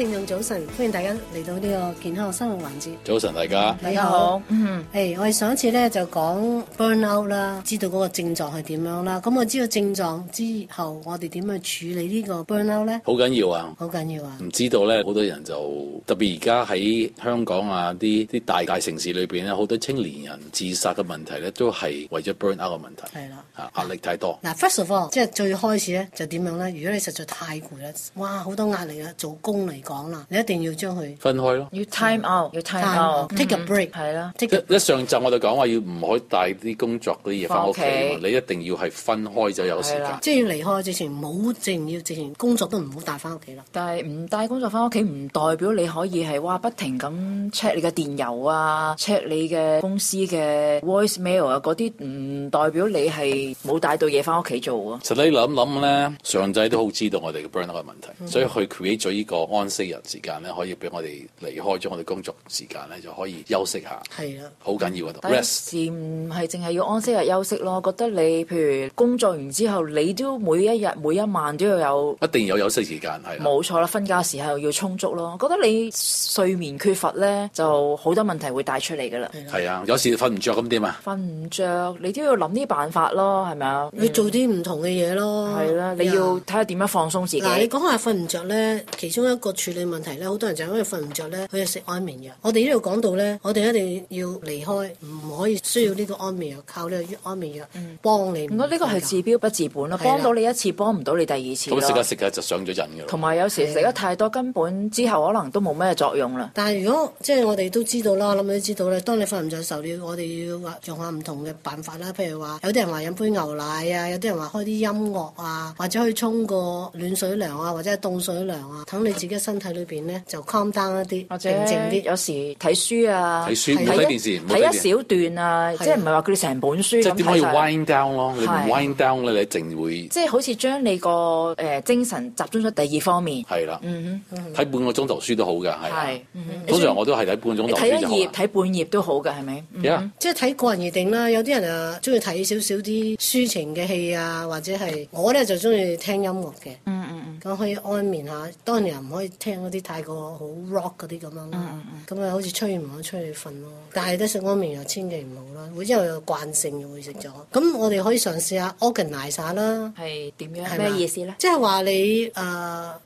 正用早晨，歡迎大家嚟到呢個健康生活環節。早晨，大家你好。嗯，誒、hey，我哋上一次咧就講 burn out 啦，知道嗰個症狀係點樣啦。咁我知道症狀之後，我哋點去處理呢個 burn out 咧？好緊要啊！好緊要啊！唔知道咧，好多人就特別而家喺香港啊，啲啲大大城市裏邊咧，好多青年人自殺嘅問題咧，都係為咗 burn out 嘅問題。係啦，吓壓力太多。嗱，first of all，即係最開始咧就點樣咧？如果你實在太攰啦，哇，好多壓力啊，做工嚟。講啦，你一定要將佢分開咯。要 time out，要 time out，take、嗯、out、take a break，係啦。嗯、是一上集我就講話要唔可以帶啲工作嗰啲嘢翻屋企，你一定要係分開咗有時間。即係要離開之前，唔好淨要淨要工作都唔好帶翻屋企啦。但係唔帶工作翻屋企，唔代表你可以係哇不停咁 check 你嘅電郵啊，check 你嘅公司嘅 voice mail 啊嗰啲，唔代表你係冇帶到嘢翻屋企做啊。其實你諗諗咧，上司都好知道我哋嘅 burn out 問題、嗯、所以佢 create 咗依個四日時間咧，可以俾我哋離開咗我哋工作時間咧，就可以休息下。係啊，好緊要啊！但事唔係淨係要安息日休息咯。覺得你譬如工作完之後，你都每一日每一晚都要有一定有休息時間係。冇錯啦，瞓覺時候要充足咯。我覺得你睡眠缺乏咧，就好多問題會帶出嚟㗎啦。係啊，有時瞓唔着咁點啊？瞓唔着，你都要諗啲辦法咯，係咪啊？去做啲唔同嘅嘢咯。係、嗯、啦，你要睇下點樣放鬆自己。你講下瞓唔着咧，其中一個處理問題咧，好多人就因為瞓唔着咧，佢就食安眠藥。我哋呢度講到咧，我哋一定要離開，唔可以需要呢個安眠藥，靠呢個安眠藥、嗯嗯、幫你、啊。我呢個係治標不治本咯，幫到你一次，幫唔到你第二次。食下食下就上咗癮。㗎同埋有時食得太多，根本之後可能都冇咩作用啦。但係如果即係、就是、我哋都知道啦，我諗你都知道呢，當你瞓唔着受了，我哋要話用下唔同嘅辦法啦。譬如話，有啲人話飲杯牛奶啊，有啲人話開啲音樂啊，或者去沖個暖水涼啊，或者係凍水涼啊，等你自己身體裏邊咧就 calm down 一啲，或者靜靜啲。有時睇書啊，睇睇電視，睇一,一小段啊，係即係唔係話佢哋成本書係即係點可以 wind down 咯？你唔 wind down 咧，你淨會即係好似將你個誒精神集中咗第二方面。係啦，睇、嗯嗯、半個鐘頭書都好嘅，係、嗯。通常我都係睇半個鐘。睇一頁、睇半頁都好嘅，係咪、嗯嗯？即係睇個人而定啦。有啲人啊，中意睇少少啲抒情嘅戲啊，或者係我咧就中意聽音樂嘅。嗯嗯。咁可以安眠下，當然又唔可以聽嗰啲太過好 rock 嗰啲咁樣咯。咁啊，好似吹完咪出去瞓咯。但、嗯、係得食安眠又千祈唔好啦。會之後有慣性又會食咗。咁我哋可以嘗試下 organize 啦，係點樣？咩意思咧？即係話你誒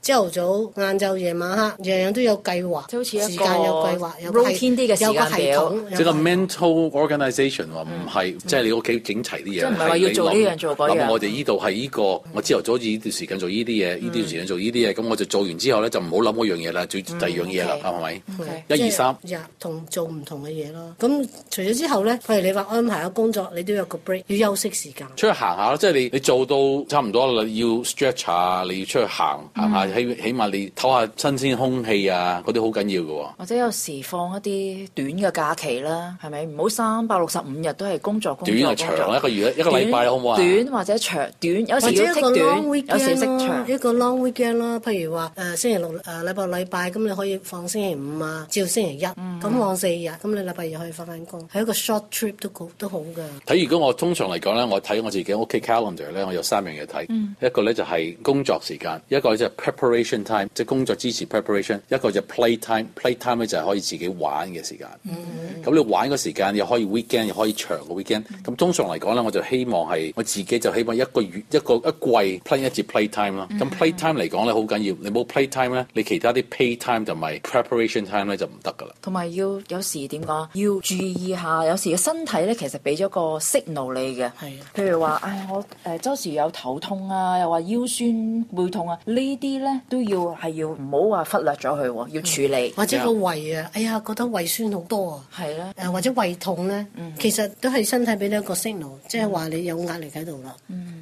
朝頭早、晏晝、夜晚黑，樣樣都有計劃就好，時間有計劃，有個 -like、時間有個系統。即係個 mental organization 話唔係即係你屋企整齊啲嘢係你諗。咁我哋呢度係呢個，呢個、我朝頭、呢個嗯、早呢段時間做呢啲嘢，啲、嗯。之、嗯、前做呢啲嘢，咁我就做完之後咧，就唔好諗嗰樣嘢啦，做第二樣嘢啦，係、嗯、咪？Okay，係咪 okay，一二三，日同做唔同嘅嘢咯。咁除咗之後咧，譬如你話安排下工作，你都有個 break，要休息時間。出去行下咯，即係你你做到差唔多啦，要 stretch 啊，你要出去行行下，起起碼你唞下新鮮空氣啊，嗰啲好緊要嘅喎、哦。或者有時放一啲短嘅假期啦，係咪？唔好三百六十五日都係工，工作工作。短係長一個月一個禮拜好唔好啊？短或者長，短有時要積短，有時積長一個咯。會驚啦，譬如話誒星期六誒禮拜禮拜咁，你可以放星期五啊，照星，星期一，咁、嗯、放四日，咁你禮拜日可以翻返工，係一個 short trip 都好都好㗎。睇如果我通常嚟講咧，我睇我自己屋企、OK、calendar 咧，我有三樣嘢睇、嗯，一個咧就係工作時間，一個咧就係 preparation time，即係工作支持 preparation，一個就 play time，play time 咧 time 就係可以自己玩嘅時間。咁、嗯、你玩嘅時間又可以 weekend，又可以長嘅 weekend、嗯。咁通常嚟講咧，我就希望係我自己就希望一個月一個一季 plan 一節 play time 啦、嗯。咁 play time 嚟講咧好緊要，你冇 play time 咧，你其他啲 pay time 就唔係 preparation time 咧就唔得㗎啦。同埋要有時點講要注意下，有時嘅身體咧其實俾咗個 signal 你嘅，譬如話，唉，我誒、呃、周時有頭痛啊，又話腰酸背痛啊，呢啲咧都要係要唔好話忽略咗佢，要處理、嗯。或者個胃啊，哎呀覺得胃酸好多啊，係啦。或者胃痛咧、嗯，其實都係身體俾你一個 signal，即係話你有壓力喺度啦。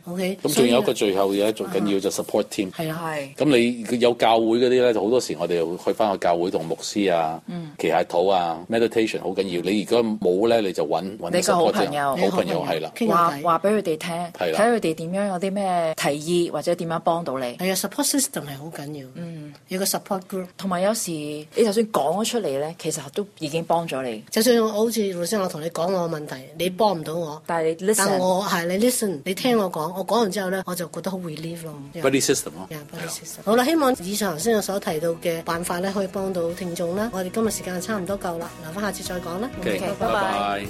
O、嗯、K。咁、okay、仲、嗯、有一個最後嘅，最緊要、嗯、就是、support team。咁你有教會嗰啲咧，就好多時我哋會去翻個教會同牧師啊、祈下禱啊、meditation 好緊要。你如果冇咧，你就揾你個好，好，好朋友，好朋友係啦，話話俾佢哋聽，睇佢哋點樣有啲咩提議或者點樣幫到你。係啊，support system 係好緊要。嗯，有個 support group。同埋有，有時你就算講咗出嚟咧，其實都已經幫咗你。就算我好似羅生，我同你講我問題，你幫唔到我。但係你 listen，但我係你 listen，你聽我講，我講完之後咧，我就覺得好 relief、yeah. support system、yeah. 好啦，希望以上頭先我所提到嘅辦法咧，可以幫到聽眾啦。我哋今日時間差唔多夠啦，留翻下次再講啦。好，拜拜。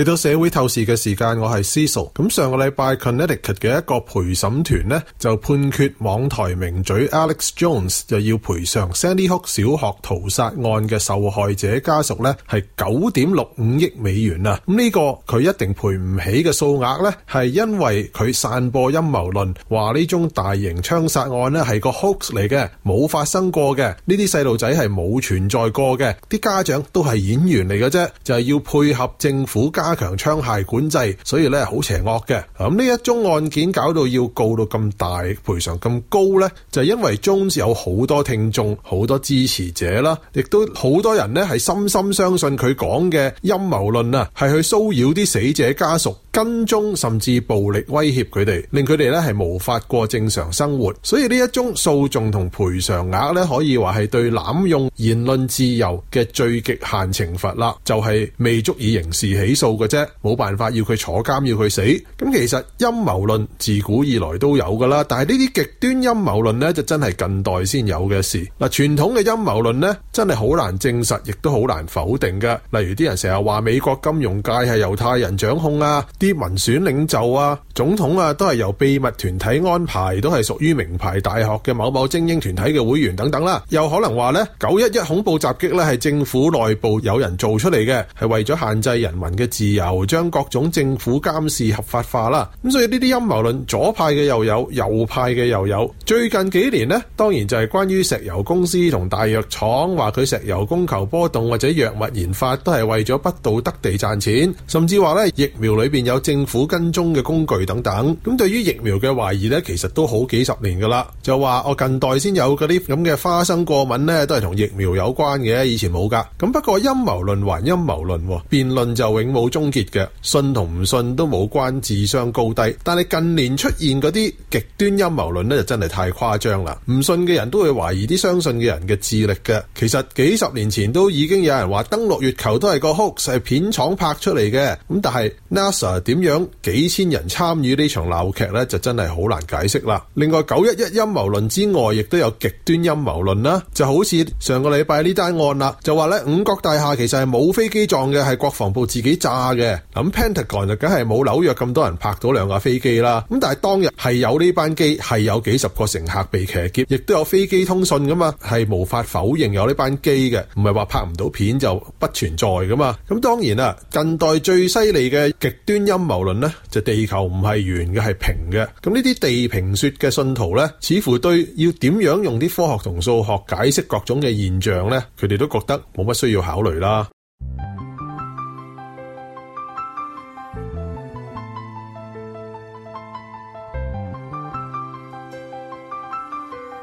嚟到社會透視嘅時間，我係 Cecil。咁上個禮拜 Connecticut 嘅一個陪審團咧，就判決網台名嘴 Alex Jones 就要賠償 Sandy Hook 小學屠殺案嘅受害者家屬咧，係九點六五億美元啊！咁呢個佢一定賠唔起嘅數額咧，係因為佢散播陰謀論，話呢宗大型槍殺案咧係個 hoax 嚟嘅，冇發生過嘅，呢啲細路仔係冇存在過嘅，啲家長都係演員嚟嘅啫，就係要配合政府㗎。加強槍械管制，所以咧好邪惡嘅。咁呢一宗案件搞到要告到咁大賠償咁高呢，就因為中有好多聽眾、好多支持者啦，亦都好多人呢，係深深相信佢講嘅陰謀論啊，係去騷擾啲死者家屬，跟蹤甚至暴力威脅佢哋，令佢哋呢，係無法過正常生活。所以呢一宗訴訟同賠償額呢，可以話係對濫用言論自由嘅最極限懲罰啦，就係、是、未足以刑事起訴嘅啫，冇辦法要佢坐監，要佢死。咁其實陰謀論自古以來都有噶啦，但係呢啲極端陰謀論呢，就真係近代先有嘅事。嗱，傳統嘅陰謀論呢，真係好難證實，亦都好難否定嘅。例如啲人成日話美國金融界係猶太人掌控啊，啲民選領袖啊、總統啊，都係由秘密團體安排，都係屬於名牌大學嘅某某精英團體嘅會員等等啦。又可能話呢，九一一恐怖襲擊呢，係政府內部有人做出嚟嘅，係為咗限制人民嘅。自由將各種政府監視合法化啦，咁所以呢啲陰謀論左派嘅又有，右派嘅又有。最近幾年呢，當然就係關於石油公司同大藥廠，話佢石油供求波動或者藥物研發都係為咗不道德地賺錢，甚至話呢，疫苗裏面有政府跟蹤嘅工具等等。咁對於疫苗嘅懷疑呢，其實都好幾十年噶啦，就話我近代先有嗰啲咁嘅花生過敏呢，都係同疫苗有關嘅，以前冇噶。咁不過陰謀論還陰謀論，辯論就永冇終結嘅，信同唔信都冇關智商高低。但係近年出現嗰啲極端陰謀論咧，就真係太誇張啦。唔信嘅人都會懷疑啲相信嘅人嘅智力嘅。其實幾十年前都已經有人話登陸月球都係個 hoax，係片廠拍出嚟嘅。咁但係 NASA 點樣幾千人參與呢場鬧劇呢，就真係好難解釋啦。另外九一一陰謀論之外，亦都有極端陰謀論啦。就好似上個禮拜呢單案啦，就話咧，五角大廈其實係冇飛機撞嘅，係國防部自己炸。嘅，咁 Pentagon 就梗係冇紐約咁多人拍到兩架飛機啦，咁但係當日係有呢班機，係有幾十個乘客被騎劫，亦都有飛機通訊噶嘛，係無法否認有呢班機嘅，唔係話拍唔到片就不存在噶嘛。咁當然啦，近代最犀利嘅極端陰謀論呢，就地球唔係圓嘅係平嘅。咁呢啲地平說嘅信徒呢，似乎對要點樣用啲科學同數學解釋各種嘅現象呢，佢哋都覺得冇乜需要考慮啦。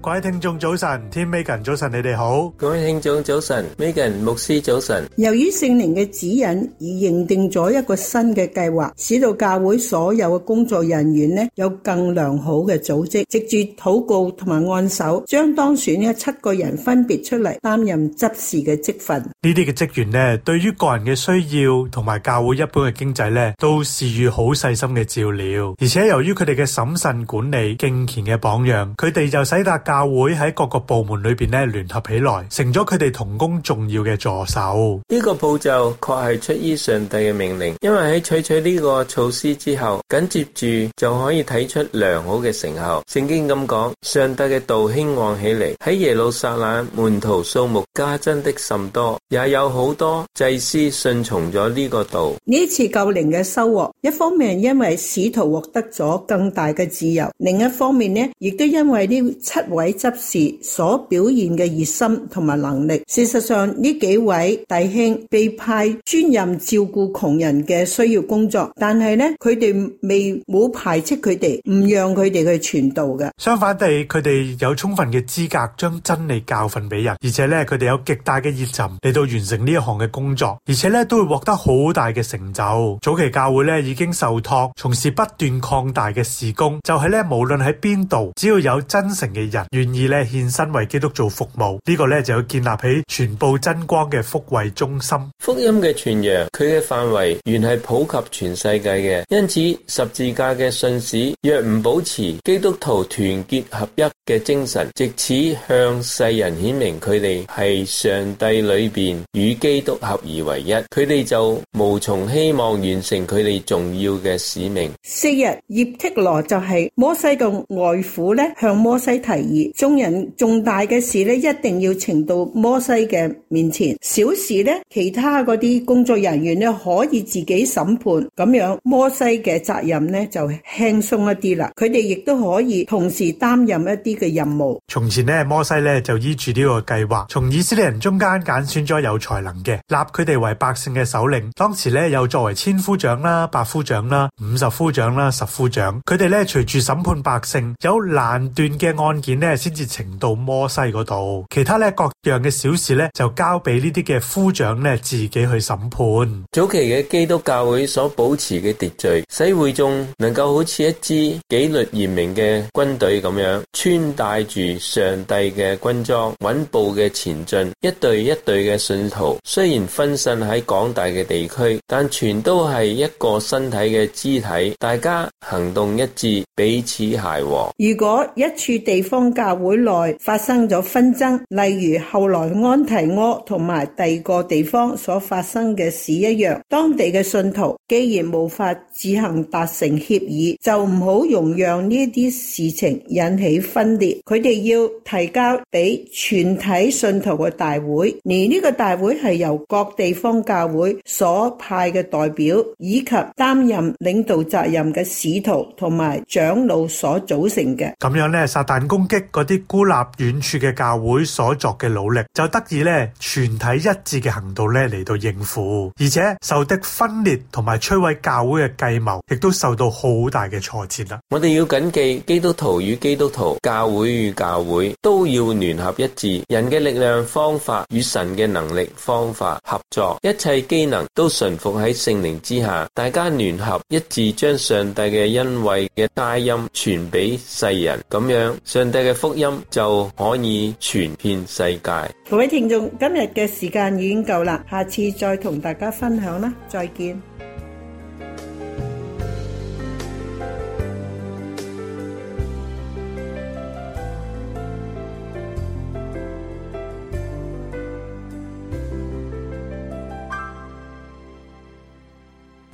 各位聽眾早晨，天美琴，早晨你哋好。各位聽眾早晨，美琴牧師早晨。由於聖靈嘅指引而認定咗一個新嘅計劃，使到教會所有嘅工作人員呢有更良好嘅組織。藉住禱告同埋按手，將當選嘅七個人分別出嚟擔任執事嘅職份。呢啲嘅職員呢，對於個人嘅需要同埋教會一般嘅經濟呢，都是要好細心嘅照料。而且由於佢哋嘅審慎管理、敬虔嘅榜樣，佢哋就使得。教會喺各個部門裏邊咧聯合起來，成咗佢哋同工重要嘅助手。呢個步驟確係出於上帝嘅命令，因為喺採取呢個措施之後，緊接住就可以睇出良好嘅成效。聖經咁講，上帝嘅道興旺起嚟，喺耶路撒冷門徒數目加增的甚多，也有好多祭司順從咗呢個道。呢次救靈嘅收穫，一方面因為使徒獲得咗更大嘅自由，另一方面呢亦都因為呢七位執事所表現嘅熱心同埋能力，事實上呢幾位弟兄被派專任照顧窮人嘅需要工作，但係呢，佢哋未冇排斥佢哋，唔讓佢哋去傳道嘅。相反地，佢哋有充分嘅資格將真理教訓俾人，而且咧佢哋有極大嘅熱忱嚟到完成呢一項嘅工作，而且咧都會獲得好大嘅成就。早期教會咧已經受託從事不斷擴大嘅事工，就係咧，無論喺邊度，只要有真誠嘅人。願意獻身為基督做服務,呢個就要建立起全部真光的福惠中心。福音的傳揚,佢的範圍,原係普及全世界的。因此,十字架的信使,若唔保持基督徒團結合一的精神,直至向世人顯明佢哋係上帝裏面與基督合而為一。佢哋就無從希望完成佢哋重要的使命。昔日,葉忒羅就係摩西的外父呢向摩西提議。眾人重大嘅事呢，一定要呈到摩西嘅面前。小事呢，其他嗰啲工作人員呢，可以自己審判，咁樣摩西嘅責任呢就輕鬆一啲啦。佢哋亦都可以同時擔任一啲嘅任務。從前呢，摩西呢就依住呢個計劃，從以色列人中間揀選咗有才能嘅，立佢哋為百姓嘅首領。當時呢，有作為千夫長啦、百夫長啦、五十夫長啦、十夫長，佢哋呢隨住審判百姓，有難斷嘅案件呢，先至呈到摩西嗰度，其他咧各樣嘅小事咧就交俾呢啲嘅夫長咧自己去審判。早期嘅基督教會所保持嘅秩序，使會眾能夠好似一支紀律嚴明嘅軍隊咁樣，穿戴住上帝嘅軍裝，穩步嘅前進。一隊一隊嘅信徒，雖然分散喺廣大嘅地區，但全都係一個身體嘅肢體，大家行動一致，彼此諧和。如果一處地方，教會內發生咗紛爭，例如後來安提阿同埋第二個地方所發生嘅事一樣，當地嘅信徒既然無法自行達成協議，就唔好容讓呢啲事情引起分裂。佢哋要提交俾全體信徒嘅大會，而呢個大會係由各地方教會所派嘅代表以及擔任領導責任嘅使徒同埋長老所組成嘅。咁樣咧，撒旦攻擊。嗰啲孤立遠處嘅教會所作嘅努力，就得以咧全體一致嘅行動咧嚟到應付，而且受敵分裂同埋摧毀教會嘅計謀，亦都受到好大嘅挫折啦。我哋要謹記，基督徒與基督徒，教會與教會，都要聯合一致。人嘅力量方法與神嘅能力方法合作，一切機能都順服喺聖靈之下。大家聯合一致，將上帝嘅恩惠嘅佳音傳俾世人。咁樣，上帝嘅福音就可以傳遍世界。各位聽眾，今日嘅時間已經夠啦，下次再同大家分享啦，再見。